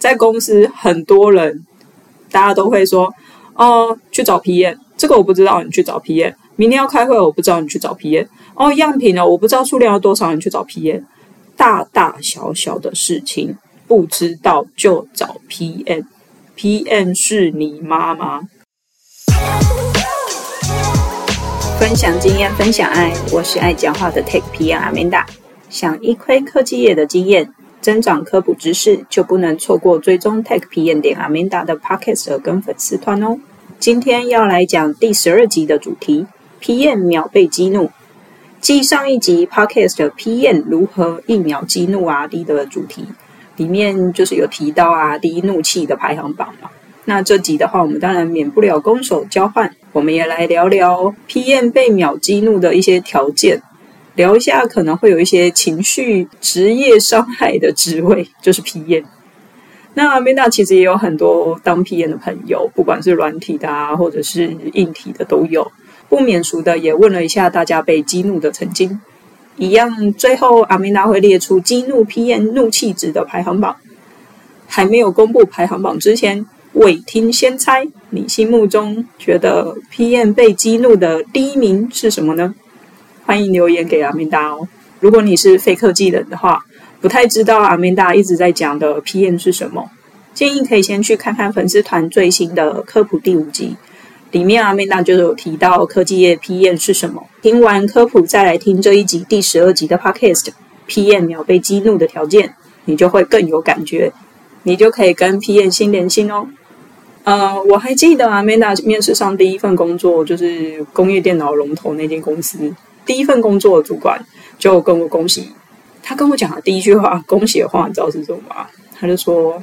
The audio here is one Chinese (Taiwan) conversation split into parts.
在公司很多人，大家都會說哦，去找 PM，這個我不知道，你去找 PM。明天要開會，我不知道，你去找 PM。哦，樣品呢，我不知道數量要多少，你去找 PM。大大小小的事情不知道就找 PM，PM PM 是你媽媽。分享經驗，分享愛，我是愛講話的 Tech PM Amanda，想一窺科技業的經驗。增長科普知識，就不能錯過追蹤 Tech 批驗點阿明達的 Podcast 跟粉絲團哦。今天要來講第十二集的主題：批驗秒被激怒。繼上一集 Podcast 批驗如何一秒激怒阿 D 的主題，裡面就是有提到啊，第一怒氣的排行榜嘛。那這集的話，我們當然免不了攻守交換，我們也來聊聊批驗被秒激怒的一些條件。聊一下可能會有一些情緒職業傷害的職位，就是 PM 那阿 Amanda 其實也有很多當 PM 的朋友，不管是軟體的啊，或者是硬體的都有。不免俗的也問了一下大家被激怒的曾經一樣，最後阿 Amanda 會列出激怒 PM 怒氣值的排行榜。還沒有公布排行榜之前，未聽先猜，你心目中覺得 PM 被激怒的第一名是什麼呢？歡迎留言給 Amanda 哦。如果你是非科技人的話，不太知道 Amanda 一直在講的 PM 是什麼，建議可以先去看看粉絲團最新的科普第五集，裡面 Amanda 就有提到科技業 PM 是什麼。聽完科普再來聽這一集第十二集的 Podcast，PM 秒被激怒的條件，你就會更有感覺，你就可以跟 PM 心連心哦。呃，我還記得 Amanda 面試上第一份工作就是工業電腦龍頭那間公司。第一份工作的主管就跟我恭喜，他跟我講的第一句話恭喜的話，你知道是什麼嗎？他就說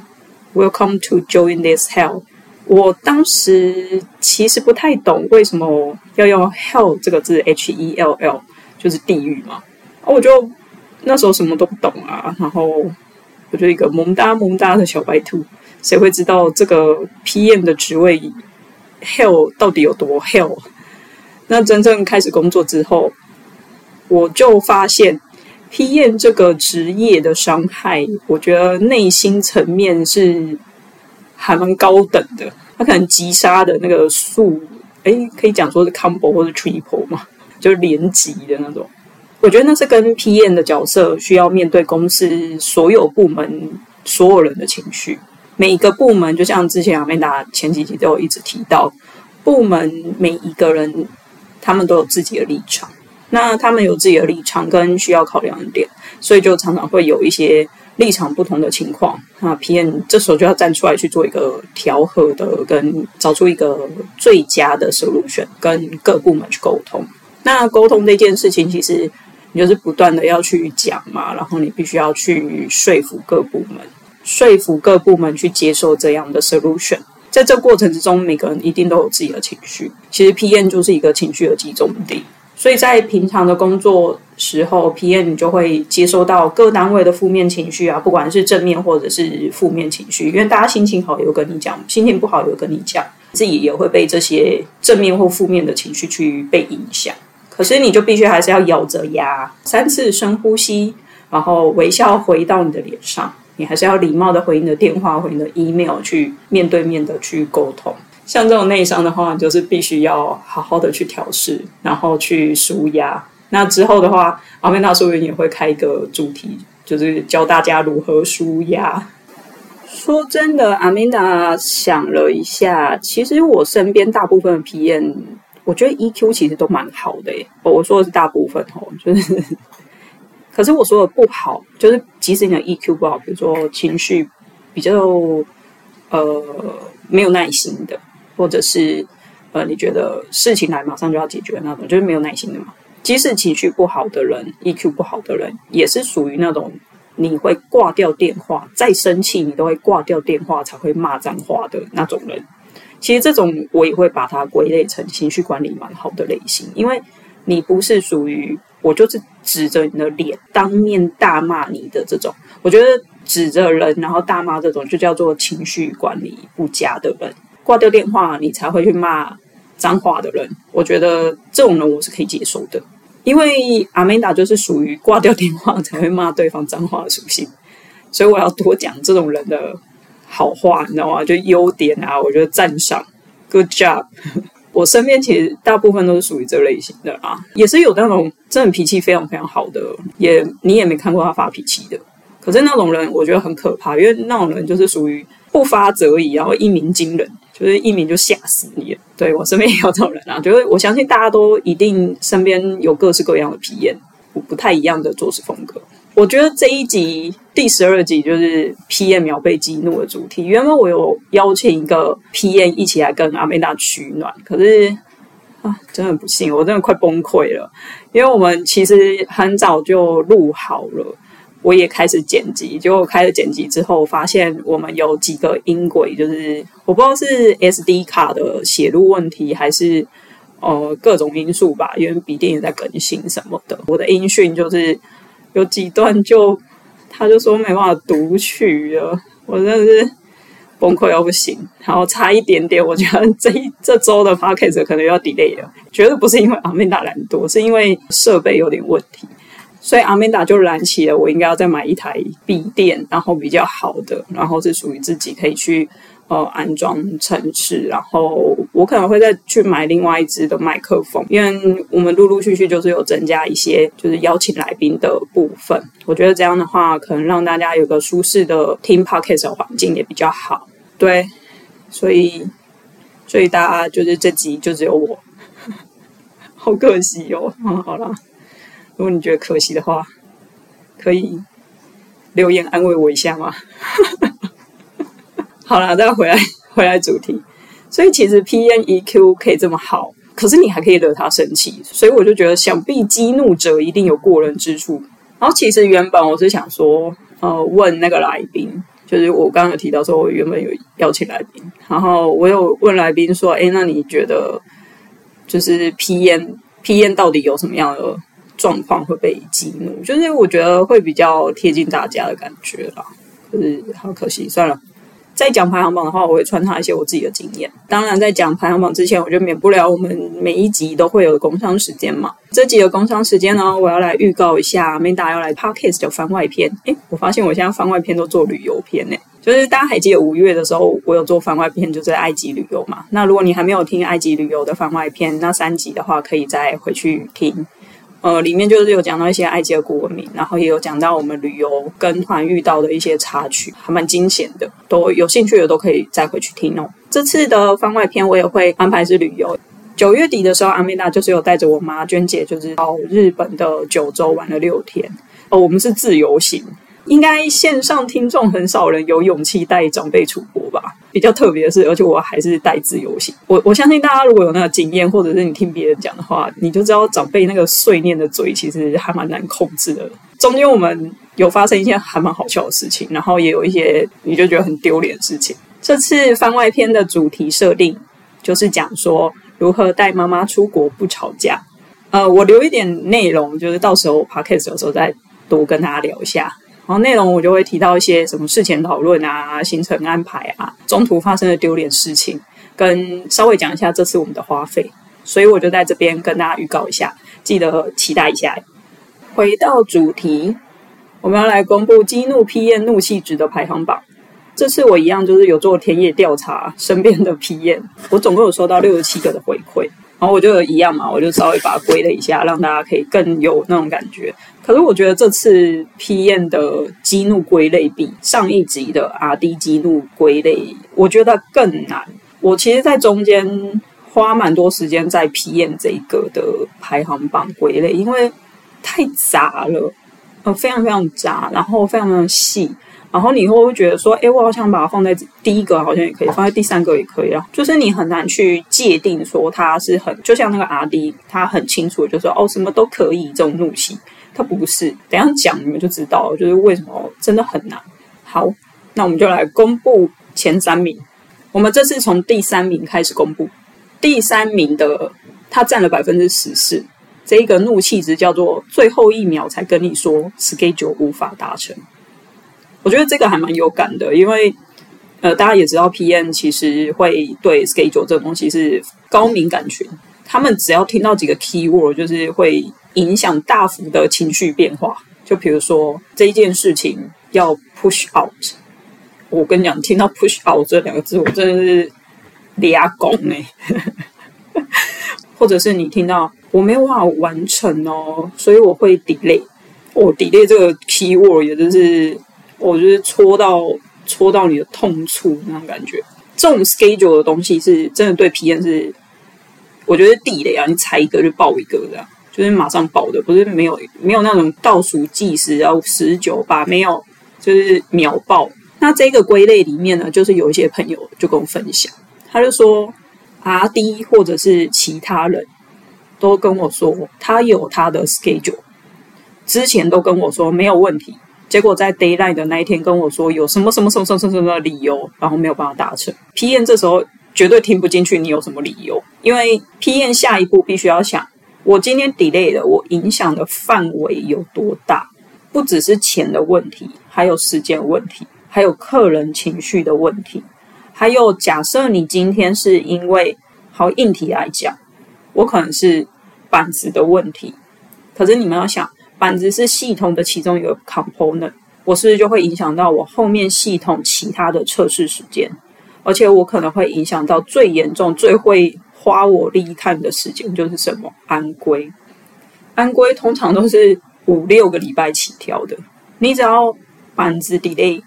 Welcome to join this hell。我當時其實不太懂為什麼要用 hell 這個字，H E L L 就是地獄嘛。啊，我就那時候什麼都不懂啊。然後我就一個萌噠萌噠的小白兔，誰會知道這個 PM 的職位 hell 到底有多 hell？那真正開始工作之後。我就發現 PM 這個職業的傷害，我覺得內心層面是還蠻高等的。他可能擊殺的那個數，哎，可以講說是 combo 或者 triple 嘛，就是連擊的那種。我覺得那是跟 PM 的角色需要面對公司所有部門所有人的情緒。每一個部門就像之前阿曼達前幾集都有一直提到，部門每一個人他們都有自己的立場。那他們有自己的立場跟需要考量的點，所以就常常會有一些立場不同的情況。那 PM 這時候就要站出來去做一個調和的，跟找出一個最佳的 solution，跟各部門去溝通。那溝通這件事情，其實你就是不斷的要去講嘛，然後你必須要去說服各部門，說服各部門去接受這樣的 solution。在這過程之中，每個人一定都有自己的情緒，其實 PM 就是一個情緒的集中地。所以在平常的工作時候，PM 你就會接收到各單位的負面情緒啊，不管是正面或者是負面情緒，因為大家心情好也有跟你講，心情不好也有跟你講，自己也會被這些正面或負面的情緒去被影響。可是你就必須還是要咬着牙，三次深呼吸，然後微笑回到你的臉上，你還是要禮貌的回你的電話，回你的 email，去面對面的去溝通。像這種內傷的話，就是必須要好好的去調適，然後去舒壓。那之後的話，阿曼達說不定也會開一個主題，就是教大家如何舒壓。說真的，阿曼達想了一下，其實我身邊大部分的 PM，我覺得 EQ 其實都蠻好的耶。我我說的是大部分哦，就是，可是我說的不好，就是即使你的 EQ 不好，比如說情緒比較呃沒有耐心的。或者是，呃，你覺得事情來馬上就要解決那種，就是沒有耐心的嘛。即使情緒不好的人，EQ 不好的人，也是屬於那種你會掛掉電話，再生氣你都會掛掉電話才會罵髒話的那種人。其實這種我也會把它歸類成情緒管理蠻好的類型，因為你不是屬於，我就是指着你的臉，當面大罵你的這種。我覺得指着人，然後大罵這種，就叫做情緒管理不佳的人。掛掉電話，你才會去罵髒話的人。我覺得這種人我是可以接受的，因為 Amanda 就是屬於掛掉電話才會罵對方髒話的屬性，所以我要多講這種人的好話，你知道嗎？就優點啊，我覺得讚賞。Good job！ 我身邊其實大部分都是屬於這類型的啊，也是有那種真的脾氣非常非常好的，也你也沒看過他發脾氣的。可是那種人我覺得很可怕，因為那種人就是屬於不發則已，然後一鳴驚人。就是一鳴就嚇死你了。對，我身邊也有這種人啊。就是我相信大家都一定身邊有各式各樣的 PM 不太一樣的做事風格。我覺得這一集第十二集就是 PM 秒被激怒的主題。原本我有邀請一個 PM 一起來跟 Amanda 取暖，可是啊，真的不幸，我真的快崩潰了，因為我們其實很早就錄好了。我也開始剪輯，結果開始剪輯之後，發現我們有幾個音軌，就是我不知道是 S D 卡的寫入問題，還是呃各種因素吧。因為筆電也在更新什麼的，我的音訊就是有幾段就他就說沒辦法讀取了，我真的是崩潰到不行。然後差一點點，我覺得這一這周的 podcast 可能要 delay 了。絕對不是因為 Amanda 懶惰，是因為設備有點問題。所以 Amanda 就燃起了，我應該要再買一台筆電，然後比較好的，然後是屬於自己可以去呃安裝測試，然後我可能會再去買另外一支的麥克風，因為我們陸陸續續就是有增加一些就是邀請來賓的部分。我覺得這樣的話，可能讓大家有個舒適的聽 podcast 的環境也比較好。對，所以所以大家就是這集就只有我， 好可惜哦。好了好了。好啦如果你覺得可惜的話，可以留言安慰我一下嗎？ 好了，再回來回來主題。所以其實 PM EQ 可以這麼好，可是你還可以惹他生氣，所以我就覺得，想必激怒者一定有過人之處。然後其實原本我是想說，呃，問那個來賓，就是我剛剛有提到說，我原本有邀請來賓，然後我有問來賓說：“哎，那你覺得就是 PM PM 到底有什麼樣的？”狀況會被激怒，就是我覺得會比較貼近大家的感覺吧。就是好可惜，算了。在講排行榜的話，我會穿插一些我自己的經驗。當然，在講排行榜之前，我就免不了我們每一集都會有工商時間嘛。這集的工商時間呢，我要來預告一下，明天要來 podcast 的番外篇。哎，我發現我現在番外篇都做旅遊篇誒、欸。就是大家還記得五月的時候，我有做番外篇，就是埃及旅遊嘛。那如果你還沒有聽埃及旅遊的番外篇，那三集的話，可以再回去聽。呃，裡面就是有講到一些埃及的古文明，然後也有講到我們旅遊跟團遇到的一些插曲，還蠻驚險的，都有興趣的都可以再回去聽哦。這次的番外篇我也會安排是旅遊，九月底的時候，阿美娜就是有帶着我媽娟姐，就是到日本的九州玩了六天，哦、呃，我們是自由行，應該線上聽眾很少人有勇氣帶長輩出國吧。比較特別的是，而且我還是帶自由行。我我相信大家如果有那個經驗，或者是你聽別人講的話，你就知道長輩那個碎念的嘴其實還蠻難控制的。中間我們有發生一些還蠻好笑的事情，然後也有一些你就覺得很丟臉的事情。這次番外篇的主題設定就是講說如何帶媽媽出國不吵架。呃，我留一點內容，就是到時候我拍 podcast 的時候再多跟大家聊一下。然後內容我就會提到一些什麼事前討論啊，行程安排啊，中途發生的丟臉事情，跟稍微講一下這次我們的花費。所以我就在這邊跟大家預告一下，記得期待一下。回到主題，我們要來公布激怒 PM 怒氣值的排行榜。這次我一樣就是有做田野調查，身邊的 PM，我總共有收到六十七個的回饋。然後我就一樣嘛，我就稍微把它歸類一下，讓大家可以更有那種感覺。可是我覺得這次批驗的激怒歸類比上一集的阿 D 激怒歸類，我覺得更難。我其實，在中間花蠻多時間在批驗這個的排行榜歸類，因為太雜了，呃，非常非常雜，然後非常非常細。然後你會不會覺得說，哎，我好像把它放在第一個好像也可以，放在第三個也可以啊。就是你很難去界定說它是很，就像那個 RD，他很清楚，就說哦什麼都可以。這種怒氣，他不是。等一下講你們就知道了，就是為什麼真的很難。好，那我們就來公布前三名。我們這次從第三名開始公布。第三名的他占了百分之十四，這一個怒氣值叫做最後一秒才跟你說，schedule 無法達成。我覺得這個還蠻有感的，因為呃，大家也知道，PM 其實會對 schedule 這個東西是高敏感群。他們只要聽到幾個 key word，就是會影響大幅的情緒變化。就比如說這一件事情要 push out，我跟你講，你聽到 push out 這兩個字，我真的是抓狂欸，或者是你聽到我沒有辦法完成哦，所以我會 delay。我、哦、delay 這個 key word，也就是。我、哦、就是戳到戳到你的痛處那種感覺，這種 schedule 的東西是真的對 PM 是，我覺得地雷啊，你踩一個就爆一個這樣，就是馬上爆的，不是沒有沒有那種倒數計時，然後十九沒有，就是秒爆。那這個歸類裡面呢，就是有一些朋友就跟我分享，他就說 RD 或者是其他人，都跟我說過，他有他的 schedule，之前都跟我說沒有問題。結果在 deadline 的那一天跟我說有什麼什麼什麼什麼什麼的理由，然後沒有辦法達成。PM 這時候絕對聽不進去，你有什麼理由？因為 PM 下一步必須要想，我今天 delay 的，我影響的範圍有多大？不只是錢的問題，還有時間問題，還有客人情緒的問題，還有假設你今天是因為好硬體來講，我可能是板子的問題，可是你們要想。板子是系統的其中一個 component，我是不是就會影響到我後面系統其他的測試時間？而且我可能會影響到最嚴重，最會花我力看的時間，就是什麼安規？安規通常都是五六個禮拜起跳的，你只要板子 delay，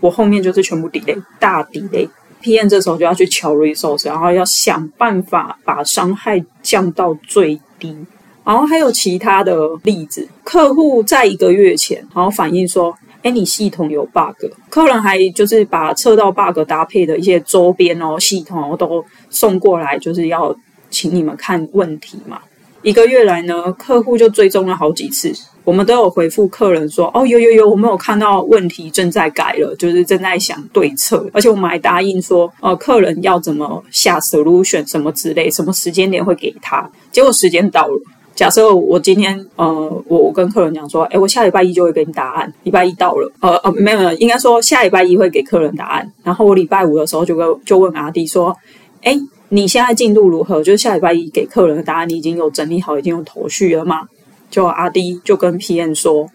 我後面就是全部 delay，大 delay。PM 這時候就要去敲 resource，然後要想辦法把傷害降到最低。然後還有其他的例子，客戶在一個月前，然後反映說：“哎，你系統有 bug。”客人還就是把測到 bug 搭配的一些周邊哦、系統哦都送過來，就是要請你們看問題嘛。一個月來呢，客戶就追蹤了好幾次，我們都有回復客人說：“哦，有有有，我們有看到問題正在改了，就是正在想對策。”而且我們還答應說：“呃，客人要怎麼下 solution 什麼之類，什麼時間點會給他。”結果時間到了。假設我今天，呃，我我跟客人講說，哎、欸，我下禮拜一就會給你答案。禮拜一到了，呃呃，沒有了，應該說下禮拜一會給客人答案。然後我禮拜五的時候就跟就問阿迪說，哎、欸，你現在進度如何？就下禮拜一給客人的答案，你已經有整理好，已經有頭緒了嗎？就阿迪就跟 PM 說，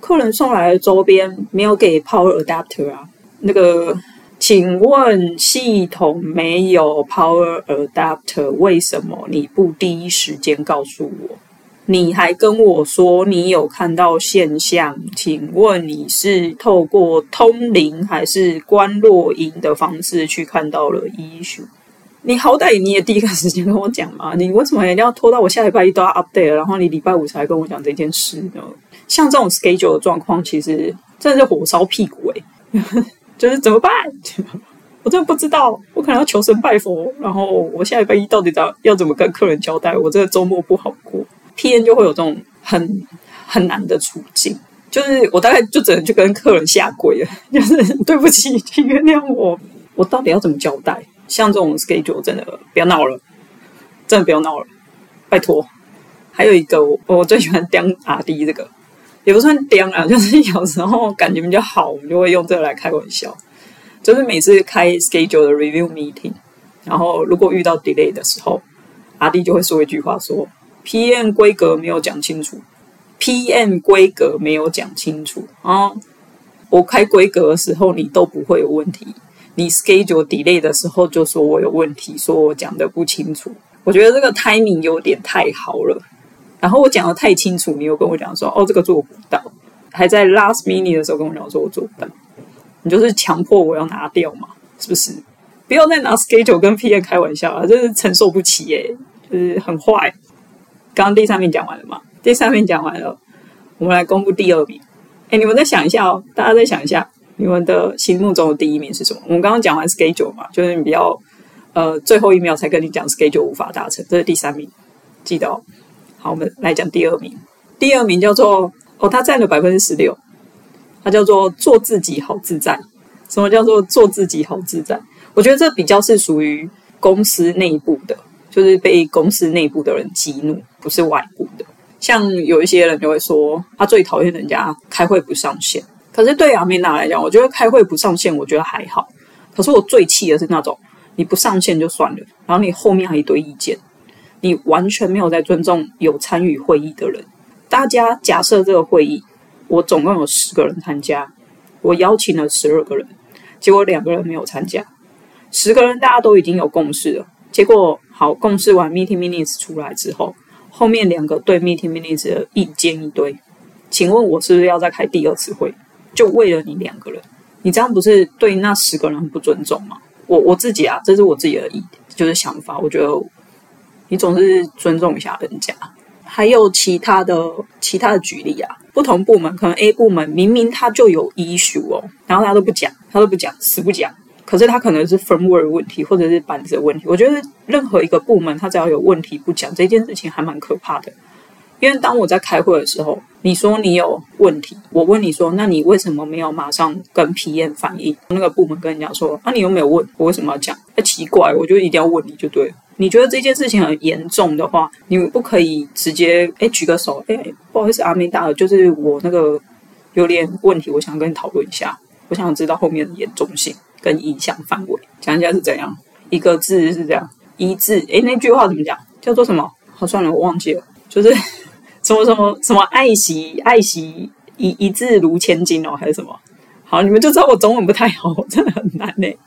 客人送來的周邊沒有給 power adapter 啊，那個。請問系統沒有 power adapter，為什麼你不第一時間告訴我？你還跟我說你有看到現象，請問你是透過通靈還是觀落陰的方式去看到了異象？你好歹你也第一個時間跟我講嘛，你為什麼人家要拖到我下禮拜一都要 update，然後你禮拜五才跟我講這件事呢？像這種 schedule 的狀況，其實真的是火燒屁股，欸 就是怎麼辦？ 我真的不知道，我可能要求神拜佛。然後我下禮拜一到底咋要怎麼跟客人交代？我這個周末不好過，PM 就會有這種很很難的處境。就是我大概就只能去跟客人下跪了，就是對不起，請原諒我。我到底要怎麼交代？像這種 schedule 真的不要鬧了，真的不要鬧了，拜託。還有一個我我最喜歡 down 阿 D 這個。也不算顛啊，就是有時候感覺比較好，我們就會用這個來開玩笑。就是每次開 schedule 的 review meeting，然後如果遇到 delay 的時候，RD 就會說一句話說：說 PM 規格沒有講清楚，PM 規格沒有講清楚啊、嗯！我開規格的時候你都不會有問題，你 schedule delay 的時候就說我有問題，說我講得不清楚。我覺得這個 timing 有點太好了。然後我講得太清楚，你又跟我講說哦，這個做不到，還在 last minute 的時候跟我講說我做不到，你就是強迫我要拿掉嘛，是不是？不要再拿 schedule 跟 PM 開玩笑啊？真是承受不起耶，欸，就是很壞，欸。剛剛第三名講完了嘛，第三名講完了，我們來公布第二名。哎，你們再想一下哦，大家再想一下，你們的心目中的第一名是什麼？我們剛剛講完 schedule 嘛，就是你不要呃最後一秒才跟你講 schedule 無法達成，這是第三名，記得哦。好，我們來講第二名。第二名叫做哦，他佔了百分之十六。他叫做做自己好自在。什麼叫做做自己好自在？我覺得這比較是屬於公司內部的，就是被公司內部的人激怒，不是外部的。像有一些人就會說，他最討厭人家開會不上線。可是對 Amanda 來講，我覺得開會不上線，我覺得還好。可是我最氣的是那種，你不上線就算了，然後你後面還一堆意見。你完全沒有在尊重有參與會議的人。大家假設這個會議，我總共有十個人參加，我邀請了十二個人，結果兩個人沒有參加。十個人大家都已經有共識了，結果好，共識完 meeting minutes 出來之後，後面兩個對 meeting minutes 的意見一堆，請問我是不是要再開第二次會？就為了你兩個人，你這樣不是對那十個人不尊重嗎？我我自己啊，這是我自己的意，就是想法，我覺得。你總是尊重一下人家，還有其他的其他的舉例啊，不同部門可能 A 部門明明他就有 issue 哦，然後他都不講，他都不講，死不講。可是他可能是 firmware 問題，或者是板子問題。我覺得任何一個部門，他只要有問題不講這件事情，還蠻可怕的。因為當我在開會的時候，你說你有問題，我問你說，那你為什麼沒有馬上跟 PM 反映？那個部門跟人家說，那、啊、你有沒有問？我為什麼要講？哎，奇怪，我就一定要問你就對了。你覺得這件事情很嚴重的話，你不可以直接哎，舉個手，誒，不好意思，Amanda，就是我那個有點問題，我想跟你討論一下，我想知道後面的嚴重性跟影響範圍，講一下是怎樣。一個字是這樣，一字哎，那句話怎麼講？叫做什麼？好，算了，我忘記了，就是什麼什麼什麼愛惜愛惜一一字如千金哦，還是什麼？好，你們就知道我中文不太好，真的很難哎、欸。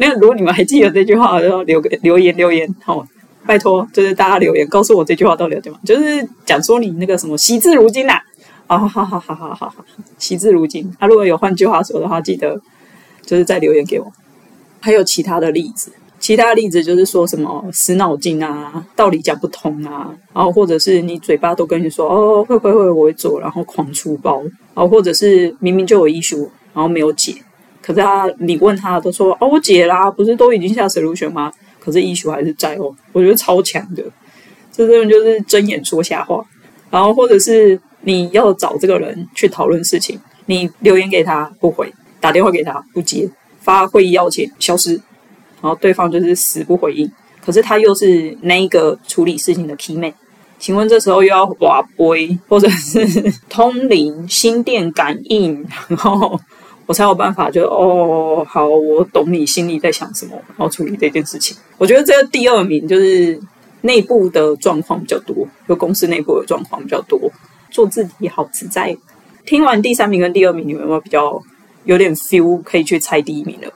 那如果你們還記得這句話，就留個留言留言，好、哦，拜託，就是大家留言告訴我這句話到底對嗎？就是講說你那個什麼，惜字如金吶，啊，好好好好好好，惜、哦、字、哦哦哦、如金。啊，如果有換句話說的話，記得就是再留言給我。還有其他的例子，其他的例子就是說什麼死腦筋啊，道理講不通啊，然後或者是你嘴巴都跟你說，哦，會會會，我會做，然後狂出包，然後或者是明明就有醫書，然後沒有解。可是他，你問他，都說：“哦，我解啦、啊，不是都已經下 solution 嗎？可是 issue 還是在哦，我覺得超強的，這根本就是睜眼說瞎話。然後或者是你要找這個人去討論事情，你留言給他不回，打電話給他不接，發會議邀請消失，然後對方就是死不回應。可是他又是那一個處理事情的 key man。請問這時候又要劃杯，或者是通靈、心電感應，然後？”我才有辦法就，就哦，好，我懂你心裡在想什麼，然後處理這件事情。我覺得這個第二名就是內部的狀況比較多，就公司內部的狀況比較多，做自己好自在。聽完第三名跟第二名，你們有沒有比較有點 feel，可以去猜第一名的，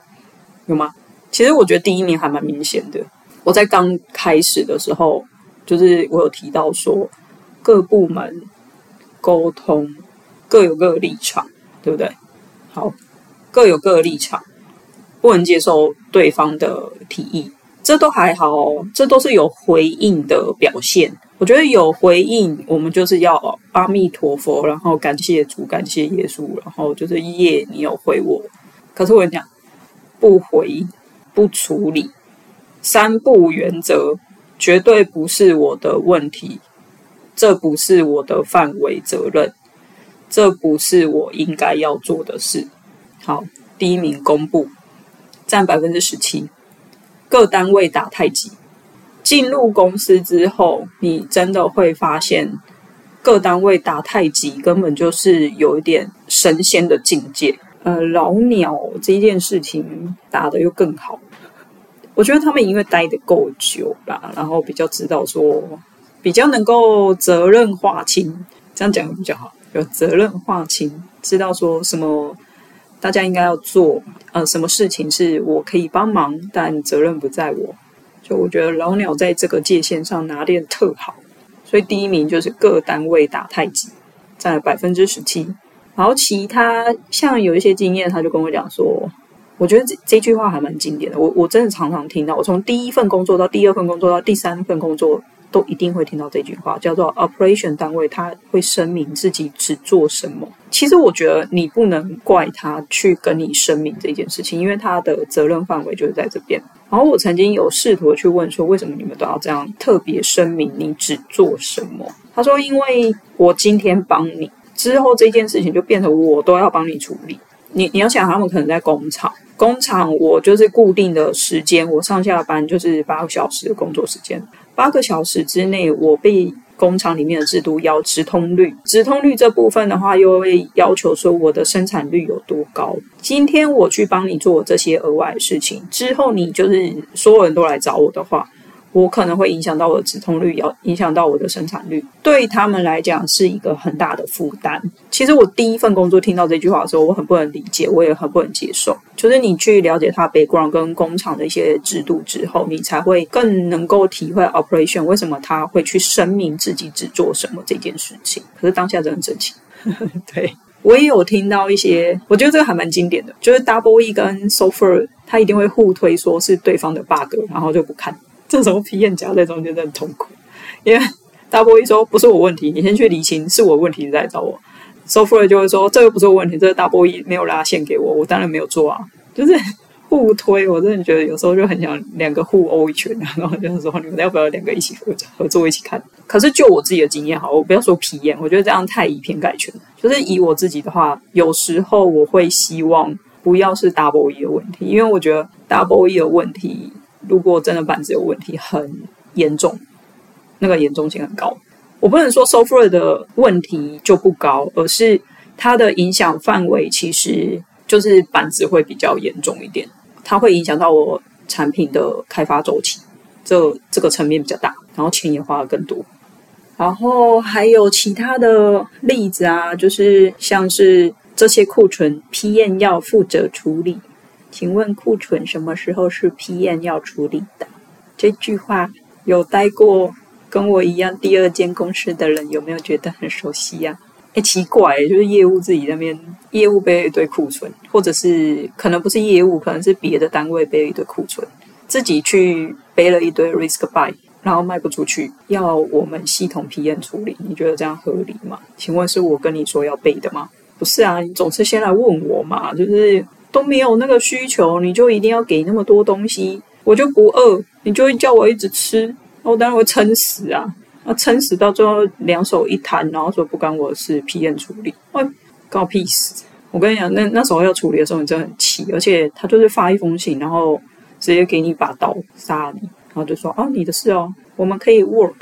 有嗎？其實我覺得第一名還蠻明顯的。我在剛開始的時候，就是我有提到說，各部門溝通各有各的立場，對不對？好。各有各的立場，不能接受對方的提議，這都還好哦，這都是有回應的表現。我覺得有回應，我們就是要阿彌陀佛，然後感謝主，感謝耶穌，然後就是耶，你有回我。可是我跟你講不回、不處理，三不原則絕對不是我的問題，這不是我的範圍責任，這不是我應該要做的事。好，第一名公布，佔百分之十七。各單位打太極。進入公司之後，你真的會發現各單位打太極根本就是有一點神仙的境界。呃，老鳥這件事情打得又更好，我覺得他們因為待得夠久吧，然後比較知道說，比較能夠責任劃清，這樣講比較好。有責任劃清，知道說什麼大家應該要做，呃，什麼事情是我可以幫忙，但責任不在我。就我覺得老鳥在這個界限上拿捏特好，所以第一名就是各單位打太極，占百分之十七。然後其他像有一些經驗，他就跟我講說，我覺得這這句話還蠻經典的。我我真的常常聽到，我從第一份工作到第二份工作到第三份工作。都一定會聽到這句話，叫做 “operation 單位”，他會聲明自己只做什麼。其實我覺得你不能怪他去跟你聲明這件事情，因為他的責任範圍就是在這邊。然後我曾經有試圖去問說，為什麼你們都要這樣特別聲明你只做什麼？他說：“因為我今天幫你之後，這件事情就變成我都要幫你處理。你你要想，他們可能在工廠，工廠我就是固定的時間，我上下班就是八個小時的工作時間。”八個小時之內，我被工廠裡面的制度要直通率，直通率這部分的話，又會要求說我的生產率有多高。今天我去幫你做這些額外的事情，之後你就是所有人都來找我的話，我可能會影響到我的止痛率，也影響到我的生產率。對他們來講，是一個很大的負擔。其實我第一份工作聽到這句話的時候，我很不能理解，我也很不能接受。就是你去了解他 background 跟工廠的一些制度之後，你才會更能夠體會 operation 為什麼他會去聲明自己只做什麼這件事情。可是當下真的很正經。 對，我也有聽到一些，我覺得這個還蠻經典的，就是 double e 跟 software 他一定會互推說是對方的 bug，然後就不看。這種 PM 夾在中間真的很痛苦，因為 double E 說不是我問題，你先去釐清是我問題，你再找我。Software 就會說這個不是我問題，這個 double E 沒有拉線給我，我當然沒有做啊，就是互推。我真的覺得有時候就很想兩個互毆一拳，然後就是說你們要不要兩個一起合作，合作一起看？可是就我自己的經驗，好，我不要說 PM，我覺得這樣太以偏概全。就是以我自己的話，有時候我會希望不要是 double E 的問題，因為我覺得 double E 的問題。如果真的板子有問題，很嚴重，那個嚴重性很高。我不能說 software 的問題就不高，而是它的影響範圍其實就是板子會比較嚴重一點，它會影響到我產品的產品的開發週期，這這個層面比較大，然後錢也花的更多。然後還有其他的例子啊，就是像是這些庫存 PM 要負責處理。請問庫存什麼時候是 PM 要處理的？這句話有待過跟我一樣第二間公司的人有沒有覺得很熟悉呀、啊？誒，奇怪，就是業務自己那邊業務背了一堆庫存，或者是可能不是業務，可能是別的單位背了一堆庫存，自己去背了一堆 risk buy，然後賣不出去，要我們系統 PM 處理，你覺得這樣合理嗎？請問是我跟你說要背的嗎？不是啊，你總是先來問我嘛，就是。都沒有那個需求，你就一定要給那麼多東西，我就不餓，你就會叫我一直吃，那我當然會撐死啊！啊，撐死到最後兩手一攤，然後說不關我的事，PM 處理，哦，搞屁事！我跟你講，那那時候要處理的時候，你真的很氣，而且他就是發一封信，然後直接給你一把刀殺了你，然後就說哦、啊，你的事哦，我們可以 work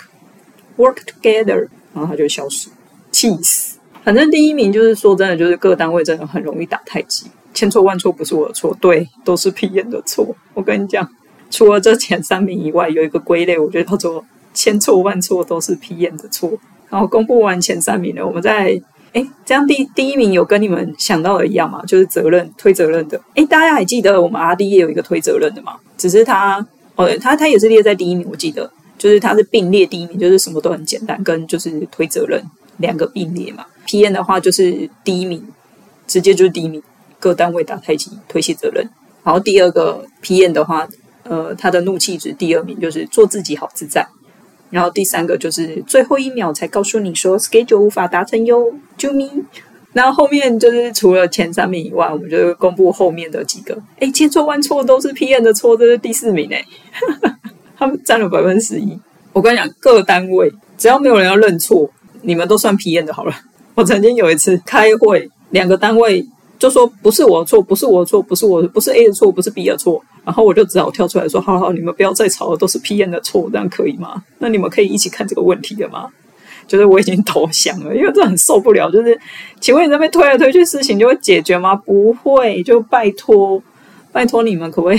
work together，然後他就消失，氣死！反正第一名就是說真的，就是各單位真的很容易打太極。千錯萬錯不是我的錯，對，都是 PM 的錯。我跟你講，除了這前三名以外，有一個歸類，我覺得叫做千錯萬錯都是 PM 的錯。然後公布完前三名了，我們再哎，這樣第第一名有跟你們想到的一樣嗎？就是責任推責任的。哎，大家還記得我們 RD 也有一個推責任的嗎？只是他哦，他他也是列在第一名，我記得就是他是並列第一名，就是什麼都很簡單，跟就是推責任兩個並列嘛。PM 的話就是第一名，直接就是第一名。各單位打太極推卸責任。然後第二個 PM 的話，呃，他的怒氣值第二名就是做自己好自在。然後第三個就是最後一秒才告訴你說 schedule 無法達成喲，救命！那後，後面就是除了前三名以外，我們就公布後面的幾個。哎，千錯萬錯都是 PM 的錯，這是第四名哎，他們佔了百分之十一。我跟你講，各單位只要沒有人要認錯，你們都算 PM 就好了。我曾經有一次開會，兩個單位。就說不是我的錯，不是我的錯，不是我的，不是 A 的錯，不是 B 的錯。然後我就只好跳出來說：好好，你們不要再吵了，都是 PM 的錯，這樣可以嗎？那你們可以一起看這個問題了嗎？就是我已經投降了，因為這很受不了。就是，請問你那邊推來推去，事情就會解決嗎？不會，就拜託，拜託你們，可不可以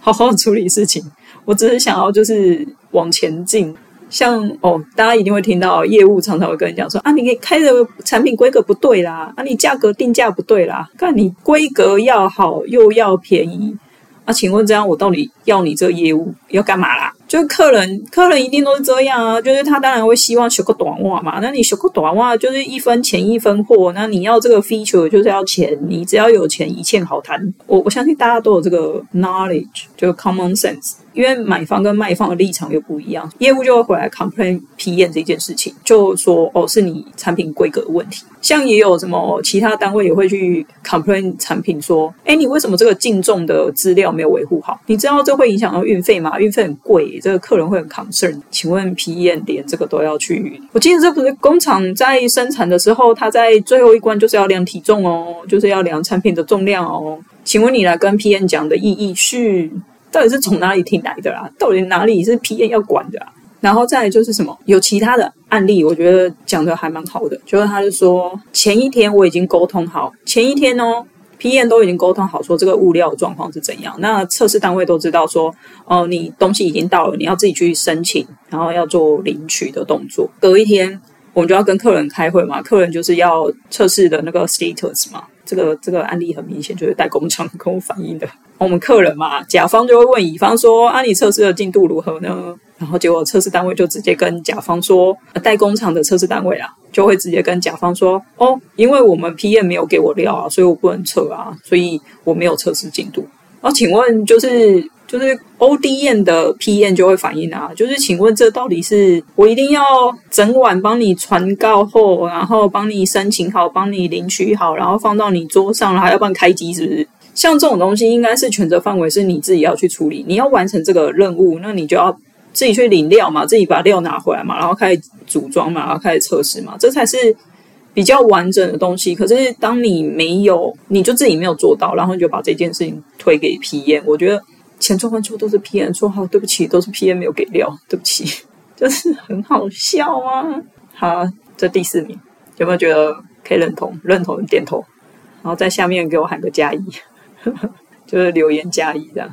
好好處理事情？我只是想要，就是往前進。像哦，大家一定會聽到業務常常會跟人講說啊，你開的產品規格不對啦，啊，你價格定價不對啦，看你規格要好又要便宜，啊，請問這樣我到底要你這個業務要幹嘛啦？就是、客人，客人一定都是這樣啊，就是他當然會希望俗擱大碗嘛，那你俗擱大碗就是一分錢一分貨，那你要這個 feature 就是要錢，你只要有錢一切好談。我我相信大家都有這個 knowledge，就是 common sense。因為買方跟賣方的立場又不一樣，業務就會回來 complain PM 這件事情，就說哦，是你產品規格的問題。像也有什麼其他單位也會去 complain 產品，說，哎，你為什麼這個淨重的資料沒有維護好？你知道這會影響到運費嗎？運費很貴，這個客人會很 concern。請問 PM 連這個都要去？我記得這不是工廠在生產的時候，它在最後一關就是要量體重哦，就是要量產品的重量哦。請問你來跟 PM 講的意義是？到底是從哪裡聽來的啊？到底哪裡是 PM 要管的啊？然後再來就是什麼有其他的案例，我覺得講的還蠻好的。就是他就說，前一天我已經溝通好，前一天哦，PM 都已經溝通好，說這個物料的狀況是怎樣。那測試單位都知道說，哦、呃，你東西已經到了，你要自己去申請，然後要做領取的動作。隔一天我們就要跟客人開會嘛，客人就是要測試的那個 status 嘛。這個這個案例很明顯就是代工廠跟我反映的。我們客人嘛，甲方就會問乙方說：“啊，你測試的進度如何呢？”然後結果測試單位就直接跟甲方說，代、呃、工廠的測試單位啊，就會直接跟甲方說：“哦，因為我們 PM 沒有給我料啊，所以我不能測啊，所以我沒有測試進度。啊”然請問、就是，就是就是 OD 驗的 PM 就會反映啊，就是請問這到底是我一定要整晚幫你傳告後，然後幫你申請好，幫你領取好，然後放到你桌上，然後還要不你開機是不是？像這種東西，應該是權責範圍是你自己要去處理。你要完成這個任務，那你就要自己去領料嘛，自己把料拿回來嘛，然後開始組裝嘛，然後開始測試嘛，這才是比較完整的東西。可是當你沒有，你就自己沒有做到，然後你就把這件事情推給 PM。我覺得前中後都是 PM 說好，對不起，都是 PM 沒有給料，對不起，就是很好笑啊。好，這第四名有沒有覺得可以認同？認同點頭，然後在下面給我喊個加一。 就是留言加一這樣，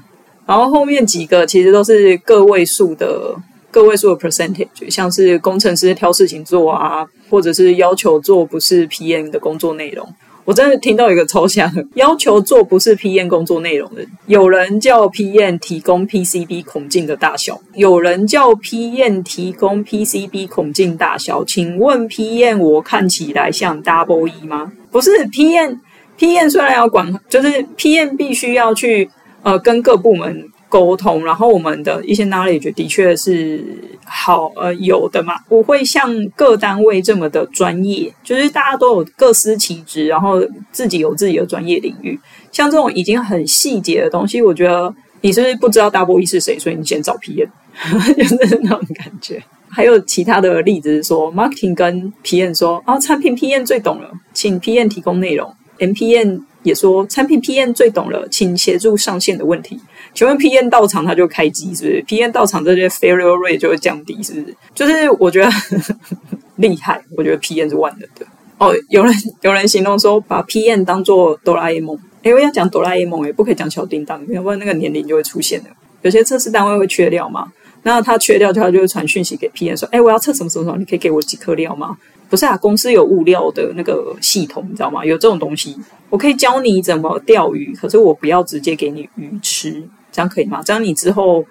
然後後面幾個其實都是個位數的個位數的 percentage，像是工程師挑事情做啊，或者是要求做不是 PM 的工作內容。我真的聽到一個抽象，要求做不是 PM 工作內容的，有人叫 PM 提供 PCB 孔徑的大小，有人叫 PM 提供 PCB 孔徑大小。請問 PM 我看起來像 EE 嗎？不是 PM PM 雖然要管，就是 PM 必須要去呃跟各部門溝通，然後我們的一些 knowledge 的確是好呃有的嘛，不會像各單位這麼的專業，就是大家都有各司其職，然後自己有自己的專業領域。像這種已經很細節的東西，我覺得你是不是不知道 double E 是誰，所以你先找 PM，就是那種感覺。還有其他的例子是說，marketing 跟 PM 說啊、哦，產品 PM 最懂了，請 PM 提供內容。M P N 也說產品 P M 最懂了，請協助上線的問題。請問 P M 到場他就開機是不是？P M 到場這些 failure rate 就會降低是不是？就是我覺得呵呵厲害，我覺得 P M 是萬能的哦。有人有人形容說把 P M 當做哆啦 A 夢，因我要講哆啦 A 夢也、欸、不可以講小叮當，因為那個年齡就會出現了。有些測試單位會缺料嘛，然後他缺料他就會傳訊息給 P M 說：哎，我要測什麼什麼什麼，你可以給我幾顆料嗎？不是啊，公司有物料的那個系統，你知道嗎？有這種東西，我可以教你怎麼釣魚。可是我不要直接給你魚吃，這樣可以嗎？這樣你之後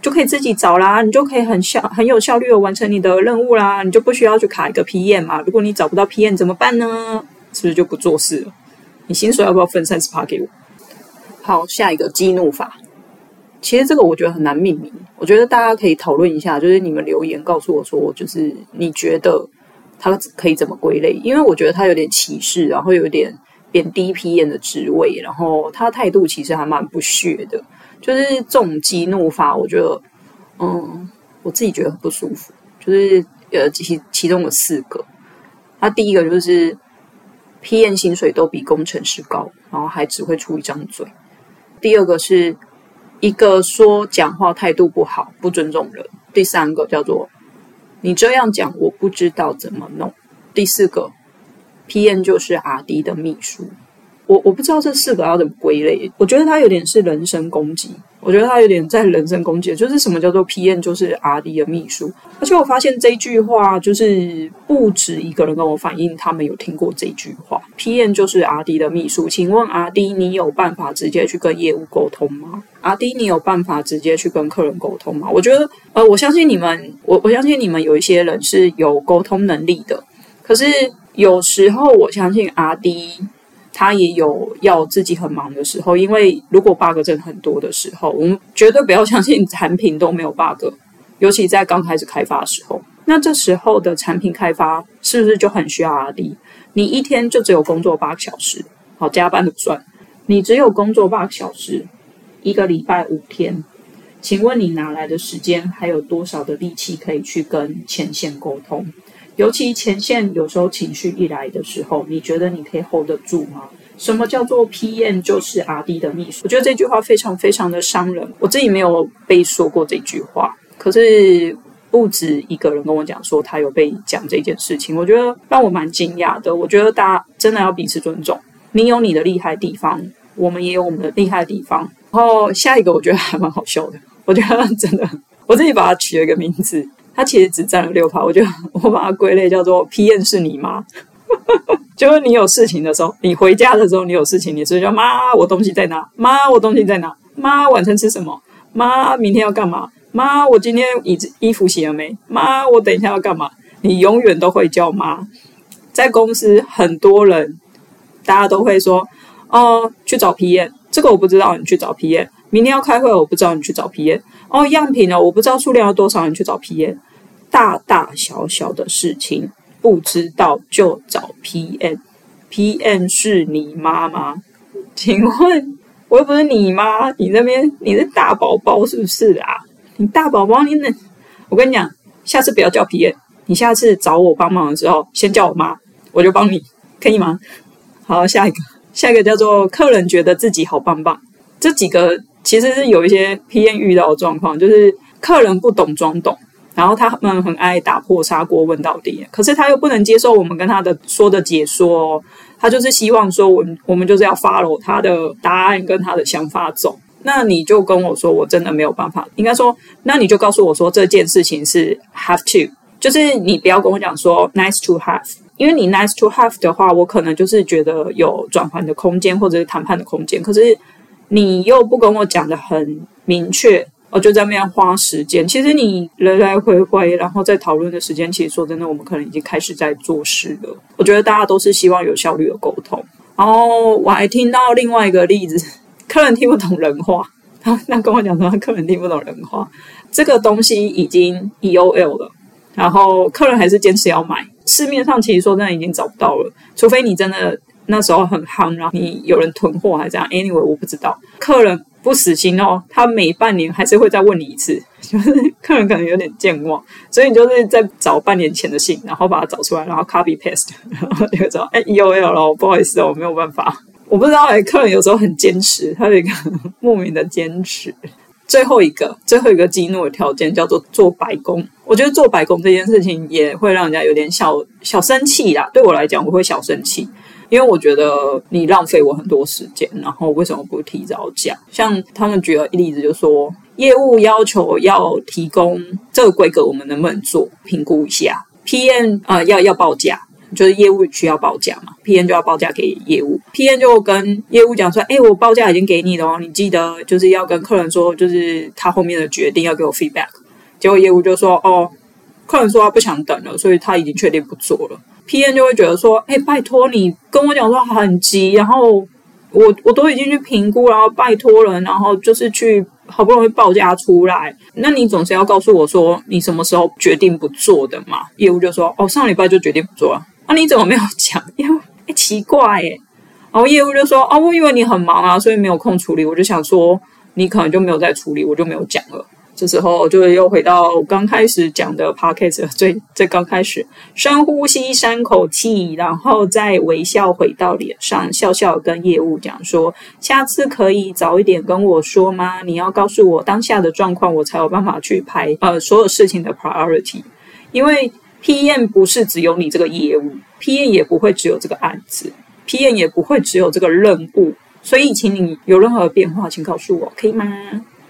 就可以自己找啦，你就可以很效、很有效率的完成你的任務啦。你就不需要去卡一個 PM 嘛？如果你找不到 PM 怎麼辦呢？是不是就不做事了？你薪水要不要分三十趴給我？好，下一個激怒法，其實這個我覺得很難命名。我覺得大家可以討論一下，就是你們留言告訴我說，就是你覺得。他可以怎麼歸類？因為我覺得他有點歧視，然後有點貶低 PM 的職位，然後他態度其實還蠻不屑的，就是這種激怒法。我覺得，嗯，我自己覺得很不舒服。就是，呃，其其中有四個。他第一個就是 PM 薪水都比工程師高，然後還只會出一張嘴。第二個是一個說講話態度不好、不尊重人。第三個叫做。你這樣講，我不知道怎麼弄。第四個，PM 就是 RD 的秘書。我我不知道這四個要怎麼歸類。我覺得他有點是人身攻擊。我覺得他有點在人身攻擊，就是什麼叫做 p n 就是阿 D 的秘書。而且我發現這一句話就是不止一個人跟我反映，他們有聽過這句話。p n 就是阿 D 的秘書，請問阿迪你有辦法直接去跟業務溝通嗎？阿迪你有辦法直接去跟客人溝通嗎？我覺得，呃，我相信你們，我我相信你們有一些人是有溝通能力的。可是有時候，我相信阿迪。他也有要自己很忙的時候，因為如果 bug 真的很多的時候，我們絕對不要相信產品都沒有 bug，尤其在剛開始開發的時候。那這時候的產品開發是不是就很需要 RD？你一天就只有工作八個小時，好加班都不算，你只有工作八個小時，一個禮拜五天，請問你哪來的時間還有多少的力氣可以去跟前線溝通？尤其前線有時候情緒一來的時候，你覺得你可以 hold 得住嗎？什麼叫做 PM 就是阿 D 的秘書？我覺得這句話非常非常的傷人。我自己沒有被說過這句話，可是不止一個人跟我講說他有被講這件事情。我覺得讓我蠻驚訝的。我覺得大家真的要彼此尊重，你有你的厲害的地方，我們也有我們的厲害的地方。然後下一個我覺得還蠻好笑的，我覺得真的我自己把它取了一個名字。他其實只佔了六趴，我就，我把它歸類叫做 “PM 是你媽”， 就是你有事情的時候，你回家的時候，你有事情，你是不是叫媽，我東西在哪？媽，我東西在哪？媽，晚餐吃什麼？媽，明天要幹嘛？媽，我今天衣衣服洗了沒？媽，我等一下要幹嘛？你永遠都會叫媽。在公司很多人，大家都會說哦、呃，去找 PM，這個我不知道，你去找 PM。明天要開會，我不知道，你去找 PM。哦。樣品呢、哦？我不知道數量要多少，你去找 PM，大大小小的事情不知道就找 PM。PM 是你媽媽？請問我又不是你媽，你那邊你是大寶寶是不是啊？你大寶寶，你那我跟你講，下次不要叫 PM。你下次找我幫忙的時候先叫我媽，我就幫你，可以嗎？好，下一個，下一個叫做客人覺得自己好棒棒，這幾個。其實是有一些 PM 遇到的狀況，就是客人不懂裝懂，然後他們很愛打破砂鍋問到底，可是他又不能接受我們跟他的說的解說，他就是希望說我們，我我們就是要 follow 他的答案跟他的想法走。那你就跟我說，我真的沒有辦法，應該說，那你就告訴我說這件事情是 have to，就是你不要跟我講說 nice to have，因為你 nice to have 的話，我可能就是覺得有轉換的空間或者是談判的空間，可是。你又不跟我講的很明確，我就在那邊花時間。其實你來來回回，然後在討論的時間，其實說真的，我們可能已經開始在做事了。我覺得大家都是希望有效率的溝通。然後我還聽到另外一個例子，客人聽不懂人話，他跟我講說，客人聽不懂人話，這個東西已經 EOL 了。然後客人還是堅持要買，市面上其實說真的已經找不到了，除非你真的。那時候很夯、啊，然後你有人囤貨還是這樣？Anyway，我不知道。客人不死心哦，他每半年還是會再問你一次，就是客人可能有點健忘，所以你就是在找半年前的信，然後把它找出來，然後 copy paste，然後就會說哎 E O L 嘍，不好意思哦，沒有辦法，我不知道哎。客人有時候很堅持，他有一個呵呵莫名的堅持。最後一個最後一個激怒的條件叫做做白工，我覺得做白工這件事情也會讓人家有點小小生氣啦。對我來講，我會小生氣。因為我覺得你浪費我很多時間，然後為什麼不提早講？像他們舉了例子，就說業務要求要提供這個規格，我們能不能做？評估一下。PM 啊，要要報價，就是業務需要報價嘛。PM 就要報價給業務，PM 就跟業務講說，哎，我報價已經給你了哦，你記得就是要跟客人說，就是他後面的決定要給我 feedback。結果業務就說，哦，客人說他不想等了，所以他已經確定不做了。PM 就會覺得說，哎、欸，拜托你跟我講說很急，然後我我都已經去評估，然後拜托人，然後就是去好不容易報價出來，那你總是要告訴我說你什麼時候決定不做的嘛？業務就說，哦，上禮拜就決定不做了，啊，你怎麼沒有講？因、哎、為奇怪哎，然後業務就說，哦、啊，我以為你很忙啊，所以沒有空處理，我就想說你可能就沒有在處理，我就沒有講了。這時候就又回到我剛開始講的 podcast 最最剛開始，深呼吸三口氣，然後再微笑回到臉上，笑笑跟業務講說：下次可以早一點跟我說嗎？你要告訴我當下的狀況，我才有辦法去排呃所有事情的 priority。因為 PM 不是只有你這個業務，PM 也不會只有這個案子，PM 也不會只有這個任務，所以請你有任何變化，請告訴我，可以嗎？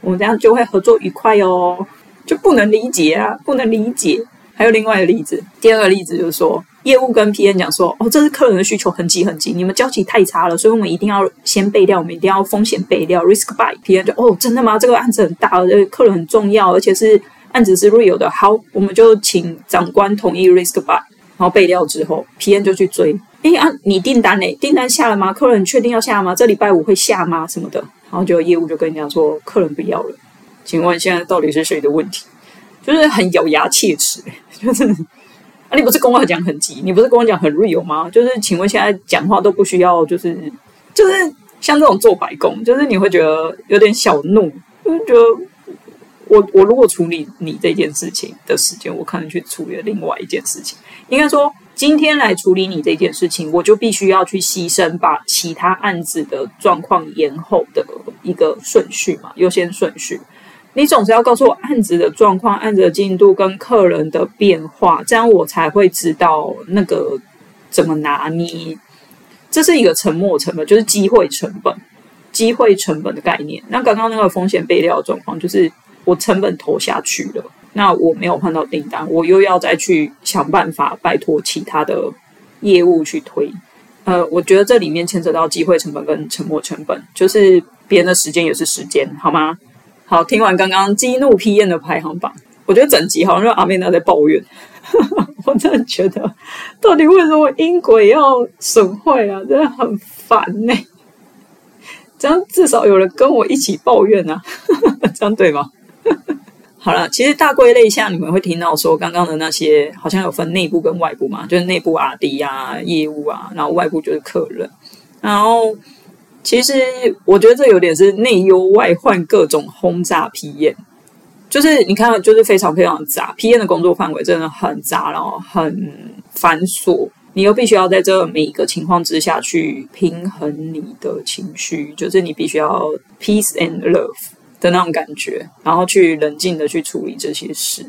我們這樣就會合作愉快哦，就不能理解啊，不能理解。還有另外一個例子，第二個例子就是說，業務跟 PM 講說，哦，這是客人的需求很急很急，你們交期太差了，所以我們一定要先備料，我們一定要風險備料 （risk buy）。PM 就哦，真的嗎？這個案子很大，這個客人很重要，而且是案子是 real 的，好，我們就請長官同意 risk buy，然後備料之後 PM 就去追，哎按、啊、你訂單嘞？訂單下了嗎？客人確定要下了嗎？這禮拜五會下嗎？什麼的。然後就業務就跟人家說，客人不要了，請問現在到底是誰的問題？就是很咬牙切齒，就是啊，你不是跟我講很急，你不是跟我講很 real 嗎？就是請問現在講話都不需要，就是就是像這種做白工，就是你會覺得有點小怒，就覺得我我如果處理你這件事情的時間，我可能去處理另外一件事情，應該說。今天來處理你這件事情，我就必須要去犧牲，把其他案子的狀況延後的一個順序嘛，優先順序。你總是要告訴我案子的狀況、案子的進度跟客人的變化，這樣我才會知道那個怎麼拿捏。這是一個沉沒成本，就是機會成本，機會成本的概念。那剛剛那個風險備料的狀況，就是我成本投下去了。那我沒有碰到訂單，我又要再去想辦法拜託其他的業務去推，呃，我覺得這裡面牽扯到機會成本跟沉沒成本，就是別人的時間也是時間，好嗎？好，聽完剛剛激怒 PM 的排行榜，我覺得整集好像就 Amanda 在抱怨， 我真的覺得到底為什麼音軌要損壞啊？真的很煩呢、欸。這樣至少有人跟我一起抱怨啊， 這樣對嗎？好了，其實大歸類一下你們會聽到說，剛剛的那些好像有分內部跟外部嘛，就是內部 RD 啊業務啊，然後外部就是客人。然後其實我覺得這有點是內憂外患，各種轟炸 PM，就是你看，就是非常非常雜。PM 的工作範圍真的很雜，然後很繁瑣，你又必須要在這每一個情況之下去平衡你的情緒，就是你必須要 peace and love。的那種感覺，然後去冷靜的去處理這些事。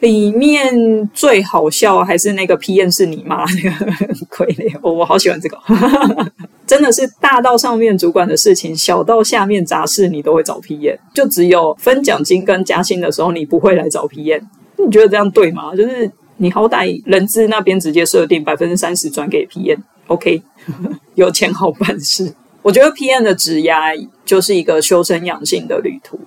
裡面最好笑還是那個 PM 是你媽那個傀儡，我 我好喜歡這個， 真的是大到上面主管的事情，小到下面雜事，你都會找 PM。就只有分獎金跟加薪的時候，你不會來找 PM。你覺得這樣對嗎？就是你好歹人資那邊直接設定百分之三十轉給 PM。OK. 有錢好辦事。我覺得 PM 的職涯就是一個修身養性的旅途。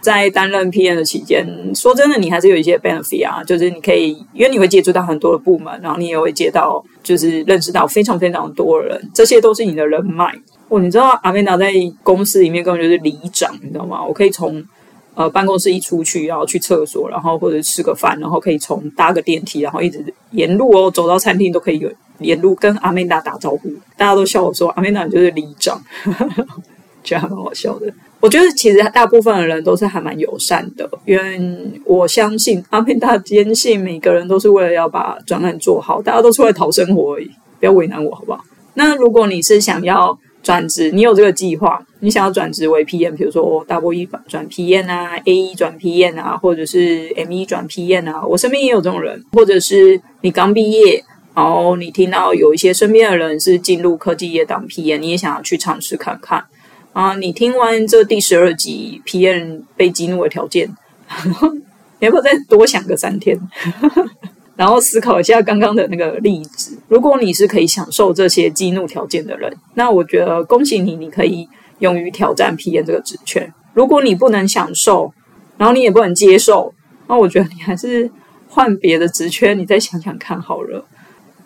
在擔任 PM 的期間，說真的，你還是有一些 benefit 啊，就是你可以，因為你會接觸到很多的部門，然後你也會接到，就是認識到非常非常多的人，這些都是你的人脈。我、哦、你知道，Amanda 在公司裡面根本就是里長，你知道嗎？我可以從。呃，辦公室一出去，然後去廁所，然後或者吃個飯，然後可以從搭個電梯，然後一直沿路哦走到餐廳都可以有沿路跟 Amanda 打招呼，大家都笑我說 Amanda，你就是里長，覺 得還蠻好笑的。我覺得其實大部分的人都是還蠻友善的，因為我相信 Amanda 堅信每個人都是為了要把專案做好，大家都出來討生活而已，不要為難我好不好？那如果你是想要，轉職，你有這個計劃？你想要轉職為 PM，比如說 W 一轉 PM 啊，A 一、e、轉 PM 啊，或者是 M 一轉 PM 啊。我身邊也有這種人，或者是你剛畢業，然後你聽到有一些身邊的人是進入科技業當 PM，你也想要去嘗試看看啊。然後你聽完這第十二集 PM 被激怒的條件， 你要不要再多想個三天？ 然後思考一下剛剛的那個例子，如果你是可以享受這些激怒條件的人，那我覺得恭喜你，你可以勇於挑戰 PM 這個職缺。如果你不能享受，然後你也不能接受，那我覺得你還是換別的職缺，你再想想看好了。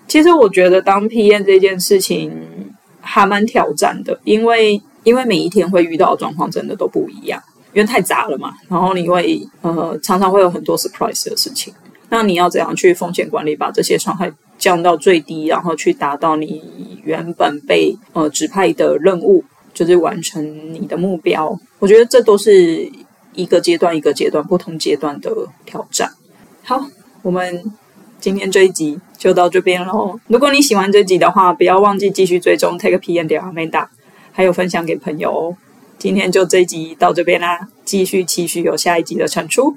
其實我覺得當 PM 這件事情還蠻挑戰的，因為因為每一天會遇到的狀況真的都不一樣，因為太雜了嘛。然後你會呃常常會有很多 surprise 的事情。那你要怎樣去風險管理，把這些傷害降到最低，然後去達到你原本被呃指派的任務，就是完成你的目標。我覺得這都是一個階段一個階段不同階段的挑戰。好，我們今天這一集就到這邊嘍。如果你喜歡這集的話，不要忘記繼續追蹤 TechPM.Amanda，還有分享給朋友哦。今天就這一集到這邊啦，繼續期許有下一集的產出。